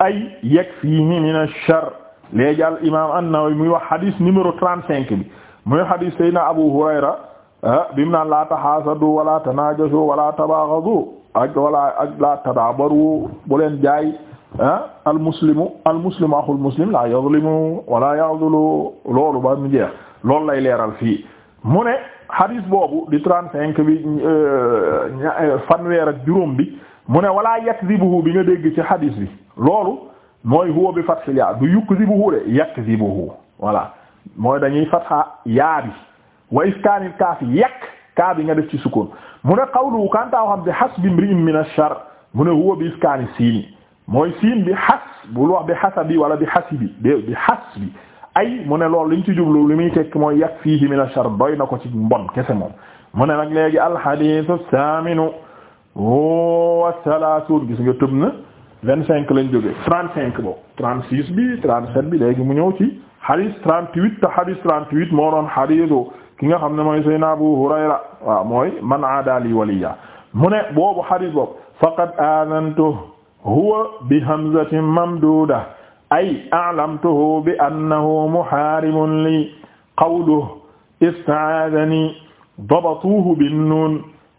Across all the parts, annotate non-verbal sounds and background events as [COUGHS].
ay yakfiini min ash-sharr léegi al imaam an-Nawawi muy wax xadis numéro trente-cinq bi muy xadis Seydina Abu Hurayra ah, bi mu naan laa tahaasadu wala tanaajashu wala tabaghadu ak wala ak la tadabaru bu leen jaay ah, al muslimu al muslimu axul muslim la yazlimu wala yahdulu loolu ba mu jeex loolu lay leeral fii mu ne xadis boobu di trente-cinq bi eh, eh, fanweer ak juróom bi mu ne wala yakzibuhu bi nga dégg ci xadis bi loolu mooy huwa bi fathil yaa du yukzibuhu de yakzibuhu voilà mooy dañuy fatha yaa bi wa iskaanil kaafi yak kaa bi nga def ci sukkoon mu ne qawlu kantaa xam bi hasbi imri'in min ash-shar mu ne huwa bi iskaani siini mooy siin bi xas bul wax bi xasabi wala bi xasibi bi xas bi ay mu ne loolu liñ ci jublu li muy tekk mooy yak fiihi min ash-shar doy na ko ci mbon kese moom mu ne nag léegi al-hadiisu saaminu wa salaasuun gis nga tëb na vingt cinq lañ jógee trente cinq bo trente six bi trente sept bi léegi mu ñëw ci hadis trente huit te hadis trente huit moo doon hadisu ki nga xam ne mooy sayna Abu Hurayra waaw mooy man aadali waliya mu ne boobu hadis boobu faqad aazantu huwa bi hamzatin mamduda ay a'lamtuhu bi annahu muhaarimun li qawluhu istaazani dabatuhu bin nuun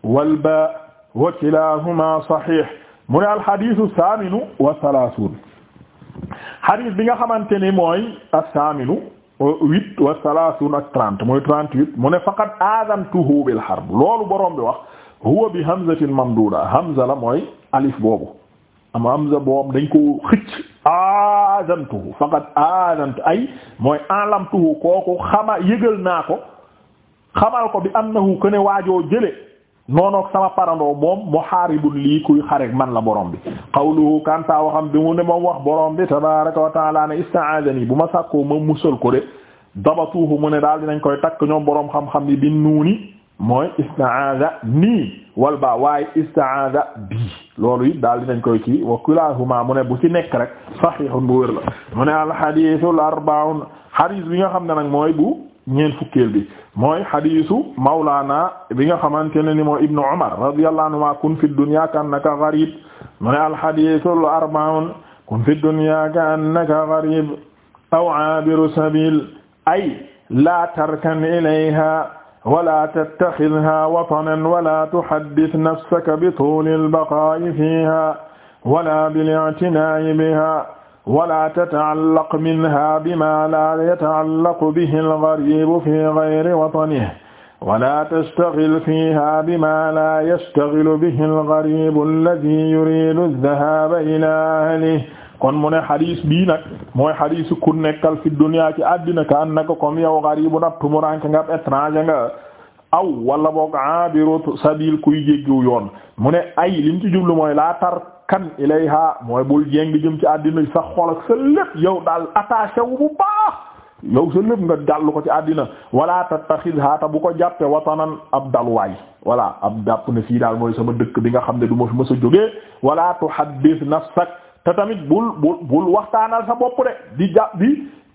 wal baa wa kilaahumaa sahiih mu ne alxadisu saaminu wa salaasuun xadis bi nga xamante ni mooy as-saaminu huit wa salaasuun ak trente mooy trente huit mu ne faqad aadantuhu bil harb loolu borom wax huwa bi hamzatin mamduuda hamza la mooy alif boobu am hamza boobu dañ ko xëcc aadantuhu faqad aadantu ay mooy alamtuhu kooku xama yëgal naa ko bi am bi annahu kaana waajoo jële noonoog sama parandoo moom muhaaribun lii kuy xarek man la borom bi qawluhu kanta waxam bi mu ne moom wax borom bi tabaraka wa taala ne istaazani bu ma sàkkoo ma musal ko de dabatuhu mu ne daal dinañ koy takk ñoom boroom xam-xam yi bi nuuni mooy istaaza nii wal ba waaye istaaza bii loolu it daal dinañ koy kii wa kulahuma mu ne bu ci nekk rek sahihun bu wér la mu ne al hadithul arba'un bi nga xam ne nag mooy bu ñeent fukkeel bi mooy hadisu mawlaana bi nga xamante ne ni moo ibnu umar radiyallahu anhuma kun fi dunya ka annaka gharib mu ne alhadisul arba'un kun fi dunya ka annaka gharib aw aabiru sabil ay la tarkan ilayha wala tattaxidha watanan wala tuhaddith nafsaka bi tuulil baqaa'i fiiha wala bil i'tinaa'i biha wala tata'allaq minha bima la yata'allaqu bihi al-gharibu fi ghayri watanihi wala tastaghil fiha bima la yastaghilu bihi al-gharibu alladhi yuridu adh-dhahaba ila ahlihi kon mu ne xadis bii nag mooy xadisu ku nekkal fi dunya ci àddina ka annaka comme yow gharibun ab tumuranke nga ab étranger nga aw wala boog abiru sabil kuy jéggiw yoon mu ne ay lim ci jublu mooy laa tar kan ilayha mooy bul jéng jëm ci àddina sa xol ak sa lépp yow daal attaché wu bu baax yow sa lépp nga gàllu ko ci àddina wala tattaxidha ta bu ko jàppe watanan ab dalwaay wala ab jàpp ne fii daal mooy sama dëkk bi nga xam ne du ma fi mës a jógee wala tuhaddith nafsak te tamit bul bul bul waxtaanal sa bopp de di jàpp bi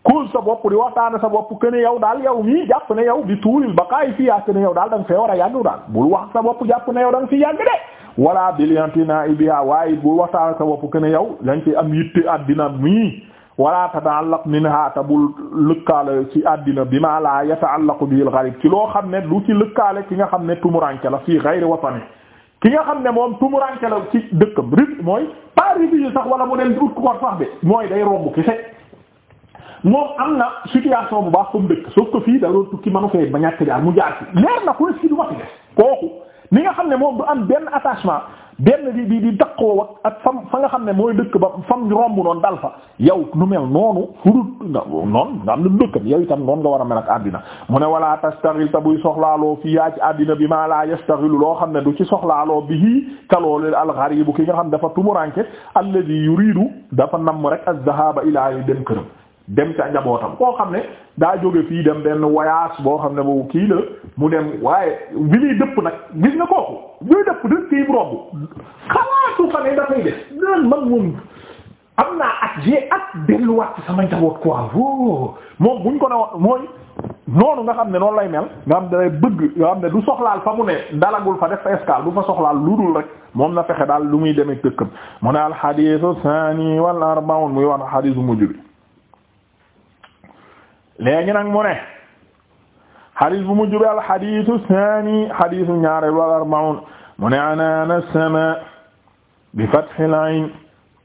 cause sa bopp di waxtaane sa bopp que ne yow daal yow mii jàpp ne yow bi tuulil baqaay fii yaa que ne yow daal da nga fee war a yàgg daal bul wax sa bopp jàpp na yow da nga fi yàgg de wala biliantina ibiha waaye bul waxtaane sa bopp que ne yow dañ ci am yitte àddina mii wala tata'allaq minha bul lëkkaala ci àddina bi ma la yata'allaqu bil gharib ci loo xam ne lu ci lëkkaale ki nga xam ne tumuranke la fii ghayri watani ki nga xam ne moom tumuranke la ci dëkkam rit mooy pas réfugié sax wala mu moom am na situation bu baax comme dëkk sauf que fii da doon tukki manu fee ba ñàkk jaar mu jaar ci leer na ko ci du wax des kooku mi nga xam ne moom du am benn attachement benn di di di daqoo ak fam fa nga xam ne mooy dëkk ba fam romb noonu dal fa yow nu mel noonu furut nga noonu nga am na dëkkam yow itam noonu nga war a mel ak àddina mu ne wala tastaxil te buy soxlaaloo fii yaa ci bi maa laa yastaxilu loo xam ne du ci soxlaaloo bi hii kaloolu alxaribu ki nga xam dafa tumuranke alladi yuridu dafa namm rek az-zahaba ilaa yi dem këram dem ca njabootam koo xam ne daa jóge fii dem benn voyage boo xam ne boobu kii la mu dem waaye bi muy dëpp nag gis na kooku ñuy dëpp dëpp kii romb xalaatu fa ne dafay def am naa ak j'ai ak delluwaat ci sama njaboot quoi buñ ko ne woon mooy nga xam ne noonu lay mel nga xam ne bëgg nga xam ne du soxlaal fa mu ne dalagul fa def fa escale du fa soxlaal lu dul rek moom na fexe daal lu muy demee dëkkam mu ne al hadithu thani wal arba'un muy wax na hadithu mu bi léegi nag mu ne xadis bu mujj bi al xadisu saani xadisu ñaare wal arbaun mu ne anaana sama bi fathil ayn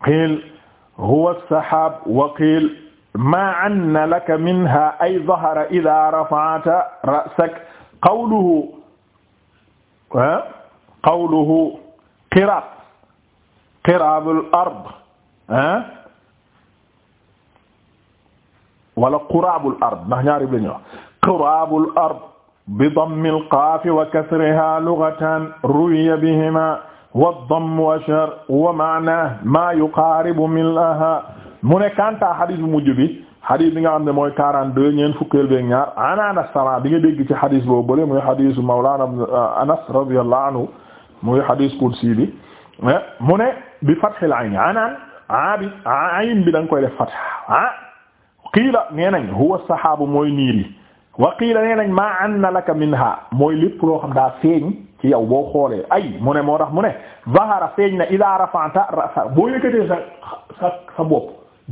qiil huwa as-sahaab wa qiil ma anna laka minha ay zahara ida rafa'ta ra'sak qawluhu ah qawluhu qiraab qiraabul ard ah wala quraabul ard ndax ñaari bi la ñuy wax quraabul ard bi dammil qaafi wa kasriha lughatan ruwiya bihima wa dammu ashar wa ma'nahu maa yuqaaribu milaha mu ne kanta xadis bu mujj bi xadis bi nga xam ne mooy 42 ñeent fukkeel beeg ñaar an Anas sama bi nga dégg ci xadis boobu bële muy xadisu Mawlaana Anas radiyallahu anhu muy xadis qudsi bi eh, mu ne bi fathil ayn anaan a bi ayn bi da nga koy def fath ah qiila nee nañ huwa saxaabu mooy niir yi wa qiila nee nañ maa anna laka minha mooy lépp loo xam daa feeñ ci yow boo xoolee ay mu ne moo tax mu ne zahara feeñ na ida rafanta rafa boo yëkkatee sa sa sa bopp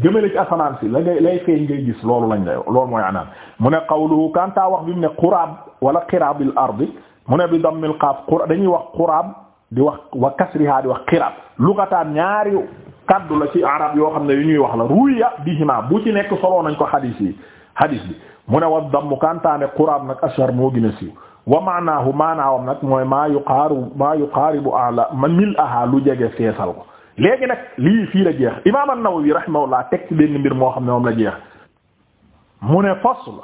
jëmale ci asamaan si la ngay lay feeñ ngay gis loolu lañ lay loolu mooy anaan mu ne qawluhu kanta wax bi mu ne quraab wala qiraabil ardi mu ne bi dammil qaaf qura dañuy wax quraab di wax wa kasriha di wax qiraab lugataan ñaari kaddu la ci arab yoo xam ne yu ñuy wax la ruya bihima bu ci nekk soloo nañ ko hadith yi hadith bi mu ne wa dammu kantaane quraab nag ashar moo gën a siiw wa maanaahu maanaawam nag mooy maa yuqaaru maa yuqaaribu ala ma mil aha lu jege feesal ko léegi nag lii fii la jeex imaam an-Nawawi rahimahullah teg ci benn mbir moo xam ne moom la jeex mu ne fasl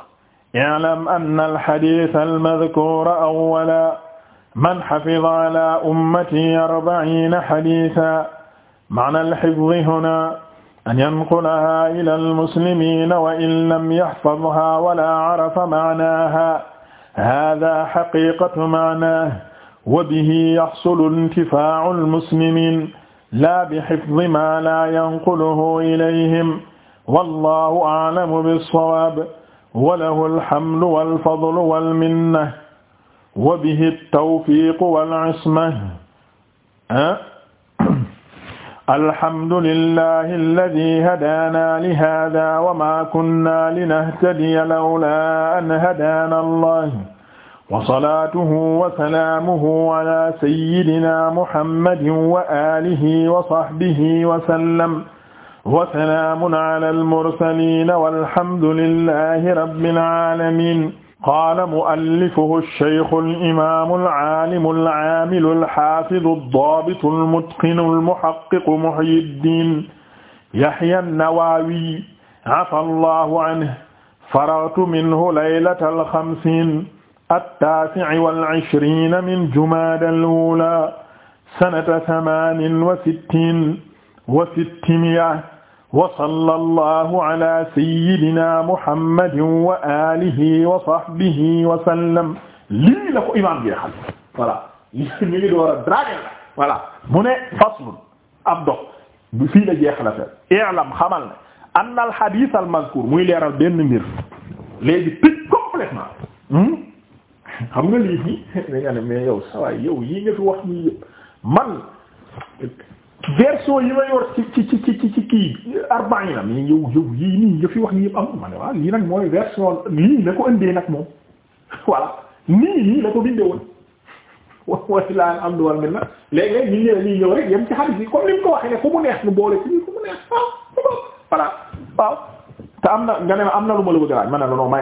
i'lam anna al-hadith al-madhkur awwala man hafiza ala ummati arba'iina hadithan maana al-hifzi huna an yanqulaha ila al-muslimina wa in lam yahfazha wala arafa ma'naha hada haqiqatu ma'nahu wa bihi yahsulu intifa'u al-muslimin la bihifzi ma la yanquluhu ilayhim wallahu a'lamu bis-sawab wa lahu al-hamdu wal-fadlu wal-minna wa bihi at-tawfiqu wal-'isma [COUGHS] alhamdulillahi alladi hadaana li haadaa wa maa kunna linahtadiya lawlaa an hadaana allah wa salaatuhu wa salaamuhu ala sayyidina muhammadin wa aalihi wa sahbihi wa sallam wa salaamun ala al mursaliin walhamdulillahi rabbil aalamiin qaala mu'allifuhu ash-shaykhu al-imaamu al-aalimu al-aamilu al-haafidu ad-daabitu al-mutqinu al-muhaqqiqu Muhyiddin Yahya an-Nawawi afa Allahu anhu faragtu minhu laylata al-xamsiin at-taasi'i wal-'ishriina min jumaada al-uulaa sanata samaanin wa sittiin wa sittimia wa sallallahu ala sayyidina muhammadin wa alihi wa sahbihi wa sallam lii la ko imaam jeexal voilà li [LAUGHS] mi ngi door a draguer la voilà mu ne faslun ab dox bu fii la jeexal affaire i'lam xamal ne anna al hadith al mazkur muy leeral benn mbir léegi tëj complètement hmm? xam nga lii nii [LAUGHS] da nga ne mais yow sawaay yow yi nga fi wax nii yëpp man version yi ma yor ci ci ci ci ci kii arba'ina mi yow yow yii nii nga fi wax yëpp am ma ne waaw lii nag mooy version lii la ko indee nag moom [LAUGHS] voilà nii lii la ko bindee woon [LAUGHS] wala laa am du wal mel na léeg-léeg ñu ñëwee lii ñëw rek yem ci xarit yi comme ni mu ko waxee ne fu mu neex ñu boole ci fu mu neex waaw voilà waaw te am na nga ne am na lu ma la ko gëlaat ma ne la non may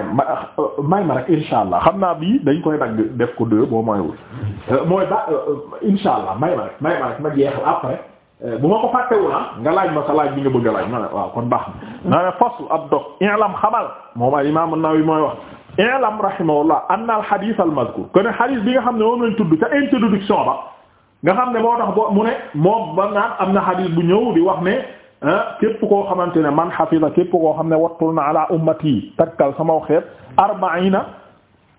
euh, may ma rek insha allah xam naa bii dañ koy dagg def ko deux boo mooy wul euh, mooy ba euh, insha allah may ma rek may ma rek ma jeexal après Euh, bu ma ko fàttewul ah nga laaj ma sa laaj bi nga bëgg laaj ma waaw kon baax na naa ne fasl ab dog i'lam xamal moo al imam an-Nawawi mooy wax i'lam rahimahullah anna al hadith al mazkur kon hadith bi nga xam ne moom lañ tudd ca introduction ba nga xam ne moo tax bo mu ne moo ba am na hadith bu ñëw di wax ne ah, képp koo xamante ne man hafiza képp koo xam ne wattul na ala ummati takkal sama xeet arba'ina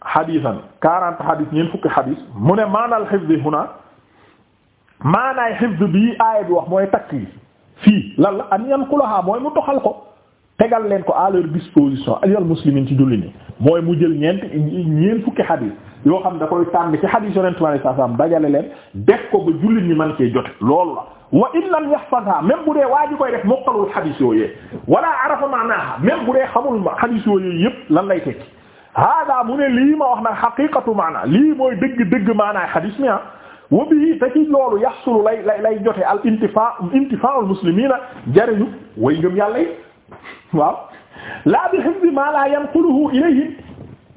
hadithan 40 hadith ñeent fukki hadith mu ne maanal hifz huna maanaay xifd bi aaya bi wax mooy takk yi fii lan la an yanqulaha mooy mu toxal ko tegal leen ko à leur disposition alal muslimin ci julli ni mooy mu jël ñeent ñeent fukki xadiis yoo xam da koy tànn ci xadiis yonent bi alayhi salaam dajale leen def ko ba jullit ñi man cee jote loolu la wa lan lam yahfazha même bu dee waa ji koy def mokkalul xadiis yooyee wala arafa maanaha même bu dee xamul xadiis yooyee yépp lan lay tekki hada mu ne lii ma wax nag xaqiqatu maana lii mooy dëgg dëgg maanaay xadiis wa bihi te ci loolu yaxsulu lay lay lay jote al intifa intifaul muslimina jariñu way ngëm yàlla yi waaw laa bi hifzi ma la yanquluhu ilayhi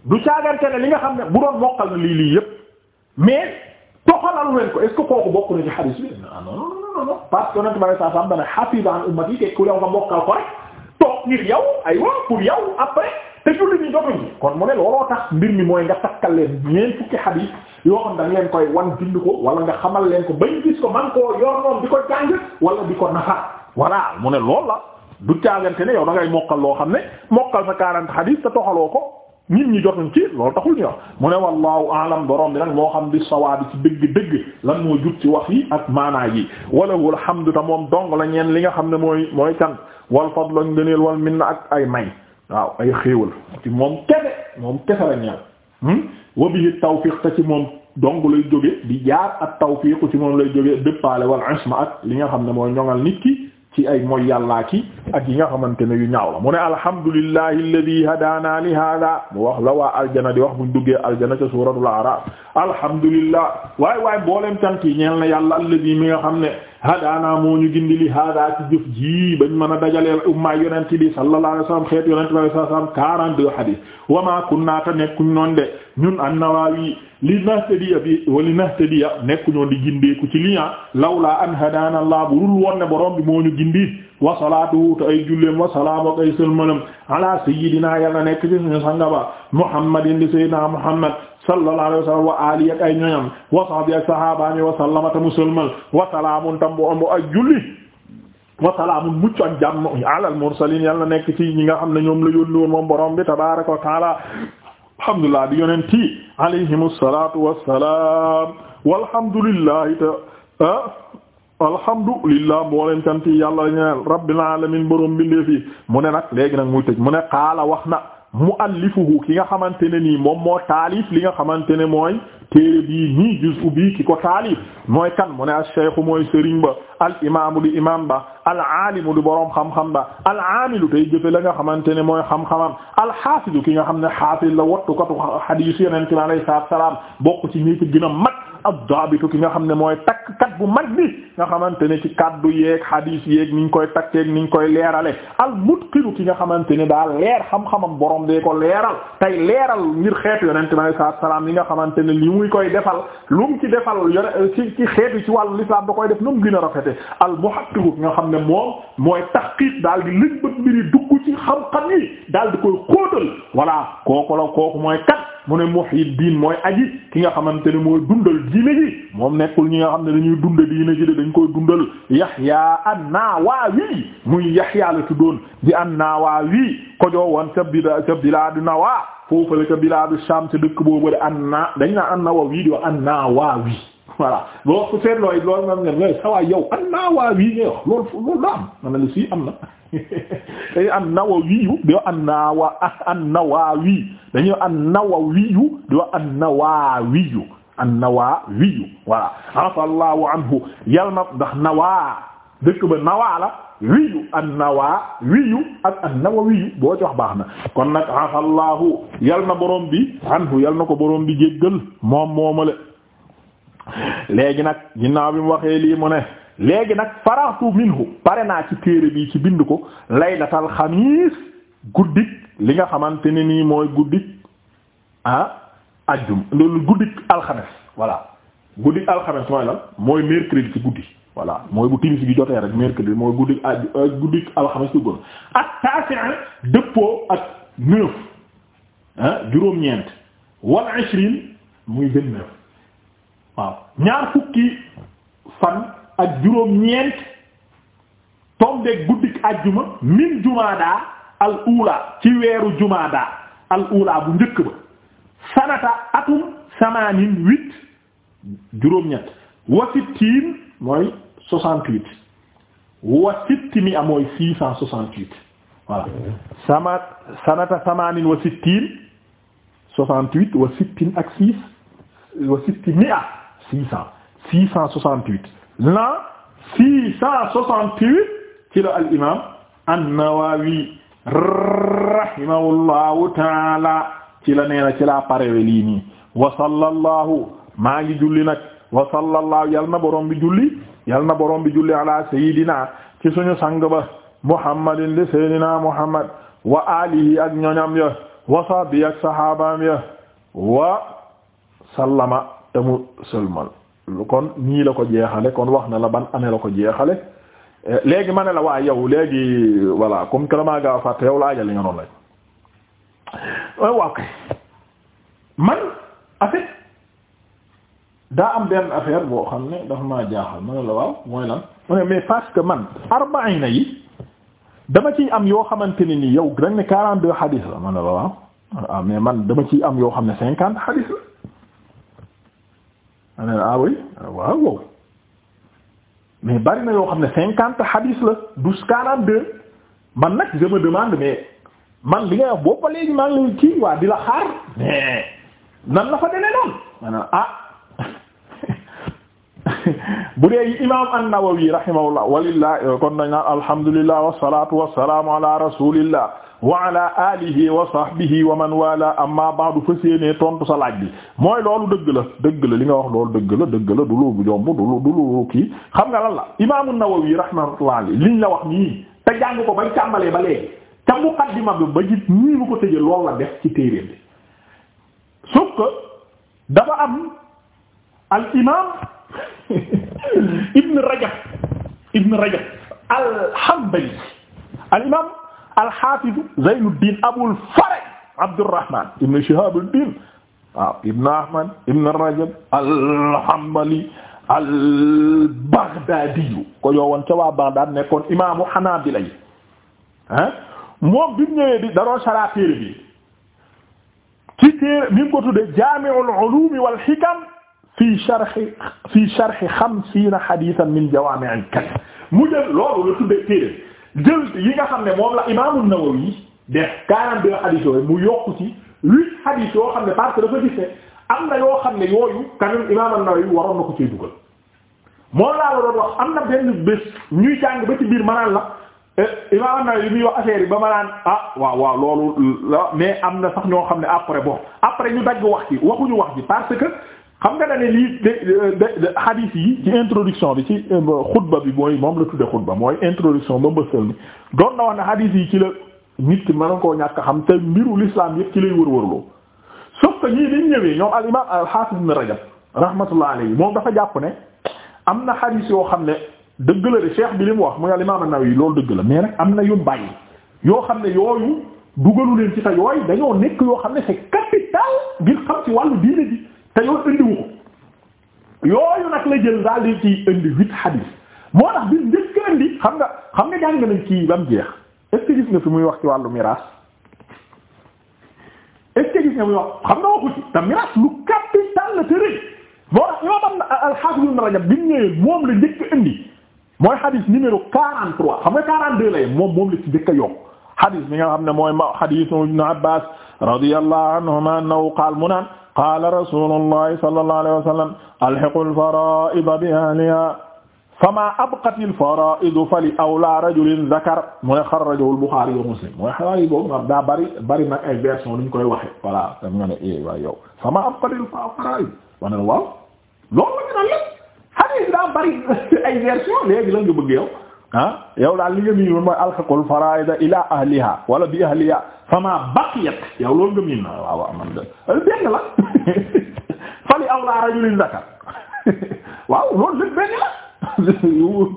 du caagante ne li nga xam ne bu doon mokkal na mais toxalalu leen ko est ce que kooku bokk na ci xadiis bi non non non non parce a yonent bari saa sam ku yow nga mokkal ko rek toog ngir yow aywa pour yow après te julli ñi jotuñu kon mu ne looloo tax mbir mi mooy nga takkal leen ñeen fukki xadiis yoo xam dañ leen koy wan bind ko wala nga xamal leen ko bañ gis ko man koo yor noonu di ko jàng wala di ko nafar voilà mu ne lool la du caagante ne yow da ngay mokkal loo xam ne mokkal sa quarante xadiis te toxaloo ko nit ñi jotuñ ci loolu taxul ñu wax mu ne wallahu aalam borom bi nag moo xam bi sawaabi ci dëgg-dëgg lan moo jub ci wax yi ak maanaa yi walawul hamdu ta moom dong la ñeen li nga xam ne mooy mooy can wal fadl ak ngëneel wal minna ak ay may waaw ay xéewal ci moom kese moom kese la ñeel hmm? wa bihi tawfiq te ci moom dong lay jóge di jaar ak tawfiqu ci moom lay jóge dëppaale wal isma ak li nga xam ne mooy ñoŋal nit ki ci ay mooy yàllaa ki ak yi nga xamante ne yu ñaaw la mu ne alhamdulillahi alladhi hadaana li hada mu wax la waa aljana di wax buñ duggee aljana ca suuratul a'raaf alhamdulillah waay waay booleem tant yi ñeel na yàlla alladhi mi nga xam ne hadaana moo ñu gindi li hada ci jëf ji bañ mën a dajaleel ummaay yonent bi sallallahu alayhi wasallam xeet yonent bi sallallahu alayhi wasallam 42 hadith wa ma kunna ta noon de ñun an-Nawawi li nahtadiya bi wali nahtadiya nekku ñoon di gindeeku ci lian lawla an hadana allah bu rul woon ne borom bi moo ñu gindi wa salaatuhu te ay julleem wa salaamu ak ay sëlmanam ala sayyidina yàlla nekk ci suñu sangaba muhammadin di sayyidina muhammad sallallahu alayhi wa sallam wa ali ak ay wa sahbi ak sahabaami wa sallama ta musulmal wa salaamun tam bu am bu ay julli wa salaamun mucc ak jàmm ala mursalin yàlla nekk ci ñi nga am na ñoom la yónni woon moom borom tabaaraka wa alhamdulilah di yonent yi alayhimu salaatu wassalaam walhamdulilah it ah alhamdulilah mboolem cant yi yàlla ñeel rabbil aalamiin borom bi mu ne nag léegi nag muy tëj mu ne qaala wax na. mu muallifuhu ki nga xamante ne nii moom moo taalif li nga xamante ne mooy téere bii nii juz'u bii ki ko taalif mooy kan mu ne ash-shaykh mooy sëriñ ba al imaamu di imam ba al aalimu di boroom xam-xam ba al aamilu tey jëfe la nga xamante ne mooy xam-xamam al xaafidu ki nga xam ne xaafis la wattukatu xadiis yonente bi alayhi salaam bokk ci ñi ci gën a mat ad ki nga xam ne mooy takkkat bu mag nga xamante ne ci kaddu yeeg hadis yeeg ni ñu koy takkeeg ni ñu koy leerale al-mutqiru ki nga xamante ne daa leer xam-xamam borom dee leeral tey leeral ngir xeetu yonente bi alayhi salaatu nga xamante ne li muy koy defal lu ci defal yone ci ci xeetu ci wàllu lislaam da koy def nu mu a rafete al-muhaqqiqu nga xam moom mooy tahqiq daal di lëñ bët mbiri dugg ci xam-xam yi daal di koy xóotal voilà kooku la kooku mooy kat mu ne muhyiddin mooy aji ki nga xamante ne mooy dundal diine ji moom nekkul ñi nga xam ne dañuy dunda diine ji de dañ koy dundal Yahya an-Nawawi muy Yahya la tuddoon di waa nawawi ko joo woon ca bila ca bilaadu Nawaa foofale ca bilaadu Sham ca dëkk boobu de an-Na dañ naa an-Nawawi di wax an-Nawawi voilà boo ko seetlooy loolu nga ne sawaay yow an-Nawawi la si am na [LAUGHS] dañu an nawawiyu di wax an nawa an nawawi dañu an nawawiyu di wax an nawa an nawawiyu voilà afallahu anhu yal na ndax nawaa dëkk ba nawaa la wiyu boo ci wax baax na kon nag afallahu yal na borom bi anhu yal na ko borom bi jéggal moom moomale léegi nag ginnaaw bi mu waxee lii mu ne léegi nag faratu minhu pare naa ci téere bi ci bind ko laylatal xamiis guddik li nga xamante ni nii mooy guddik ah ajjum loolu guddik alxames voilà guddik alxames mooy lan mooy mercredi ci guddi voilà mooy bu timis gi jotee rek mercredi mooy guddik ajju euh, guddik alxames ci ak taasi'a dëppoo ak neuf ah, juróom-ñeent wal ishrin muy vingt-neuf waaw ñaar fukki fan ak juróom-ñeent tombeeg guddik ajjuma min jumaada al ula ci weeru al ula bu njëkk ba sanata atum samanin huit juróom-ñett wa sittiin mooy soixante-huit wa sitti mi amooy sanata samanin wa sittiin soixante-huit wa sittin ak wa sitti mi l'an six cent soixante-huit ci la al imam an-Nawawi rahimahullahu taala ci la wa sallallahu maa ngi julli nag wa sallallahu yal na borom bi julli yal na borom bi julli ala sayidina ci suñu sang ba muhammadin di muhammad wa alihi ak ñoñam ya wa sahbi ak sahabaam wa sallama tamu sëlmal kon nii la ko jeexale kon wax na la ban année la ko jeexale léegi ma ne la waa yow léegi voilà comme que damaa gaaw a fàtte yow laajal li nga noonu la euh, waaw am benn affaire boo xam ne dafa ma ne la waaw mooy lan mu ne mais parce que man arbaina yi dama ciy am yoo xamante ni nii yow dañ ne quarante deux hadith la ma la waaw ah, mais man dama ciy am yoo xam ne cinquante hadith la ma ah ne ah ah, waaw mais bari yoo xam ne cinquante hadis la douze quarante deux man nag je me mais man li boobu ba léegi maa lay kii waa di la xaar mais nan la fa demee noonu ah [LAUGHS] bu imaam an-Nawawi rahimahullah walillah kon nañ naan alhamdulillah wasalaatu wasalaamu ala rasulillah wa ala alihi wa sahbihi wa man wala amma ba'du fa séenee tontu sa laaj bi mooy loolu dëgg la dëgg la li nga wax loolu dëgg la dëgg la du lu jomb du lu du lu kii xam nga lan la imaamu Nawawi rahmatullah alayhi liñ la wax nii te jàng ko bañ tàmbalee ba léegi te muqaddima bi ba jit nii mu ko tëjee loolu la def ci téere bi sauf que dafa am al imam [LAUGHS] Ibn Rajab Ibn Rajab al-Hanbali al imam alxaafidu Zaynuddin Abul Faraj Abdurrahman ibn Shihabuddin waaw ibn Ahmad ibn Rajab al-Hanbali al-Baghdadi ko yowoon ca waa Baghdad nekkoon imaamu Hanabila yi ah moom bi mu ñëwee di daroo sara téere bi ci téere mi ngi ko tudde Jaami'ul Ulum wal Hikam fi sharhi fi sharhi xamsiina hadiisan min jawaami'il kalim mu jël loolu la tudde téere jël yi nga xam ne moom la imaamu Nawawi def quarante deux hadith yooyu mu yokk ci huit hadith yoo xam ne parce que dafa gis am na yoo xam ne yooyu kanam imaamu Nawawi waroon na ko ciy dugal moom laa la doon wax am na benn bés ñuy jàng ba ci biir manaan la eh, imaamu Nawawi muy wax affaire ba manaan ah waaw waaw loolu la mais am na sax ñoo xam ne après bon après ñu dagg wax ci waxuñu wax ci parce que xam nga ne lii de de hadith yi ci introduction bi ci euh, xutba bi mooy moom la tudde xutba mooy introduction ba mbësal mi doon na wax ne hadith yi ci la nit ki mën na koo ñàkk xam te mbiru l'islam yëpp ci lay wërwërloo sauf que ñii liñ ñëwee ñoom al imam al hafiz ibn rajab rahmatullah alayhi moom dafa jàpp ne am na hadith yoo xam ne dëgg la de cheikh bi li mu wax muy al imam an-Nawawi loolu dëgg la mais nag am na yu bàyyi yoo xam ne yooyu dugalu leen ci te yooyu dañoo nekk yoo xam ne c'est capital ngir xam te yoon indiwu ko yooyu nag la jël daal di ci indi huit hadith moo tax bi njëkk a xam nga xam nga nañ kii ba mu jeex est gis nga fi muy wax ci wàllu miraas est ce que gis nga muy wax xam nga waxu ci miraas lu capital la te rëy moo tax imam al-Hafiz Ibn Rajab bi mu ñëwee xam nga 42 moom moom la ci hadith mi nga xam ne mooy ma hadith Ibn Abbas radiyallahu anhuma annahu qaal mu naan qaala rasulullahi sallallahu alayhi wa sallam alhiqu alfara'ida bi ahliha fama abqat alfara'id fali awla rajulin dhakar mu ne xarrajahu al-Bukhari wa Muslim mooy xawaari boobu nga daa bari bari nag ay version luñ koy waxe voilà tam nga ne eh waaw yow fama abqat alfara'id ma ne waaw loolu la ñu naan lépp hadith daa bari [LAUGHS] ay version léegi la nga bëgg yow ah yow daal li nga miin woon mooy alxaqul faraida ila ahliha wala bi ahliha fama baqiyat yow loolu nga miin na waaw waaw man de la [LAUGHS] fali awla rajulin zakar [LAUGHS] waaw loolu lépp benn [LAUGHS] mu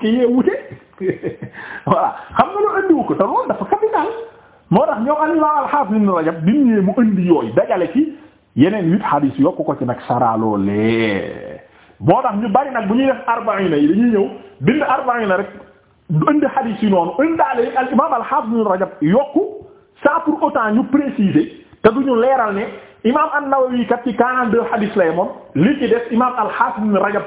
ñëwee mu dajale ci yeneen huit hadith yokku ko ci nag saraloolee moo tax ñu bari nag bu ñuy def arba'ina yi dañuy ñëw bind arba'ina rek indi hadith yi noonu indaale al imaam al-Hafiz Ibn Rajab yokku ça pour autant ñu préciser te duñu leeral ne imaam an-Nawawi kat ci lay moom li ci des imaam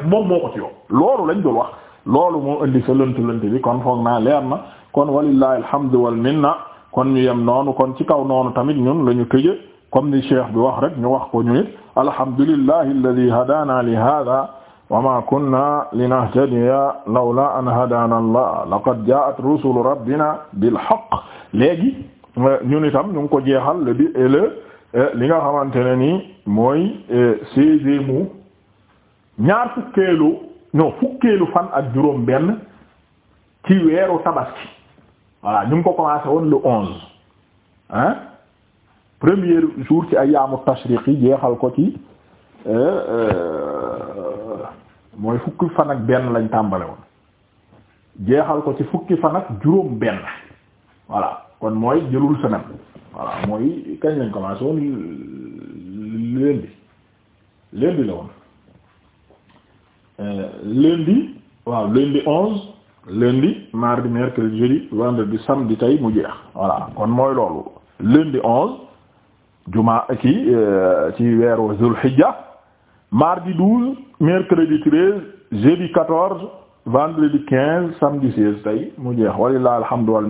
moom moo ko loolu lañ doon wax loolu moo indi sa lënt lënt bi kon foog naa leer na kon walillahi alhamdu wal minna kon ñu yem noonu kon ci kaw noonu tamit ñun lañu ñu tëje comme ni cheikh bi wax rek ñu wax ko ñu nit alhamdulillahi alladhi hadana li hadha وما كنا لنهتدي لولا أن هدانا الله لقد جاءت رسل ربنا بالحق léegi ñun itam ñu ngi ko jeexal le li nga xamante ne ni mooy e, seizième mu ñaar fukkeelu non fukkeelu fan ak juróom benn ci weeru tabaski voilà ñu ngi ko commencé woon le onze ah premier jour ci ayyaamu tashriqi jeexal ko ci e, e, mooy fukki fan ak benn lañ tàmbale woon jeexal ko ci fukki fan ak juróom benn voilà kon mooy jëlul semaine voilà mooy kañ lañ commencé woon lundi lundi la woon euh, lundi waaw lundi onze lundi mardi mercredi jeudi vendredi samedi tey mu jeex voilà kon mooy loolu lundi onze jumaa ki euh, ci weeru Zulhijja mardi 12 mercredi 13 jeudi 14 vendredi 15 samedi 16 tey mu jeex walilah alhamdu wal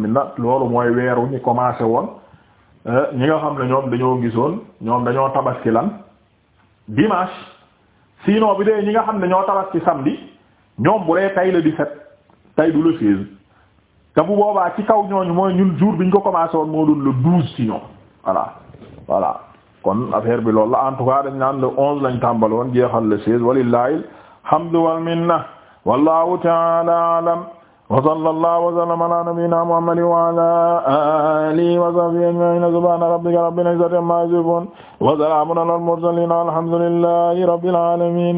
loolu mooy weeru ñi commencé woon eh, ñi nga xam ne ñoom dañoo gisoon ñoom dañoo tabaski lan dimanche sinon bi dee ñi nga xam ne ñoo tabaski samedi ñoom bu dee tay le 17 tay du le 16 te bu boobaa ci kaw ñooñu mooy ñun jour bi ko commencé woon moo doon le 12 sinon voilà voilà. kon affaire bi loolu la en tout cas dañ naan le onze lañ tàmbaloon jeexal le seize walillahi alhamdu wal minna wallahu ta'ala a'lam wa sallallahu wa sallama ala nabiyyina muhammadin wa ala alihi wa sahbihi ajma'in subhana rabbika rabbil izzati amma yasifun wa salamun ala al mursalin walhamdulillahi rabbil alamin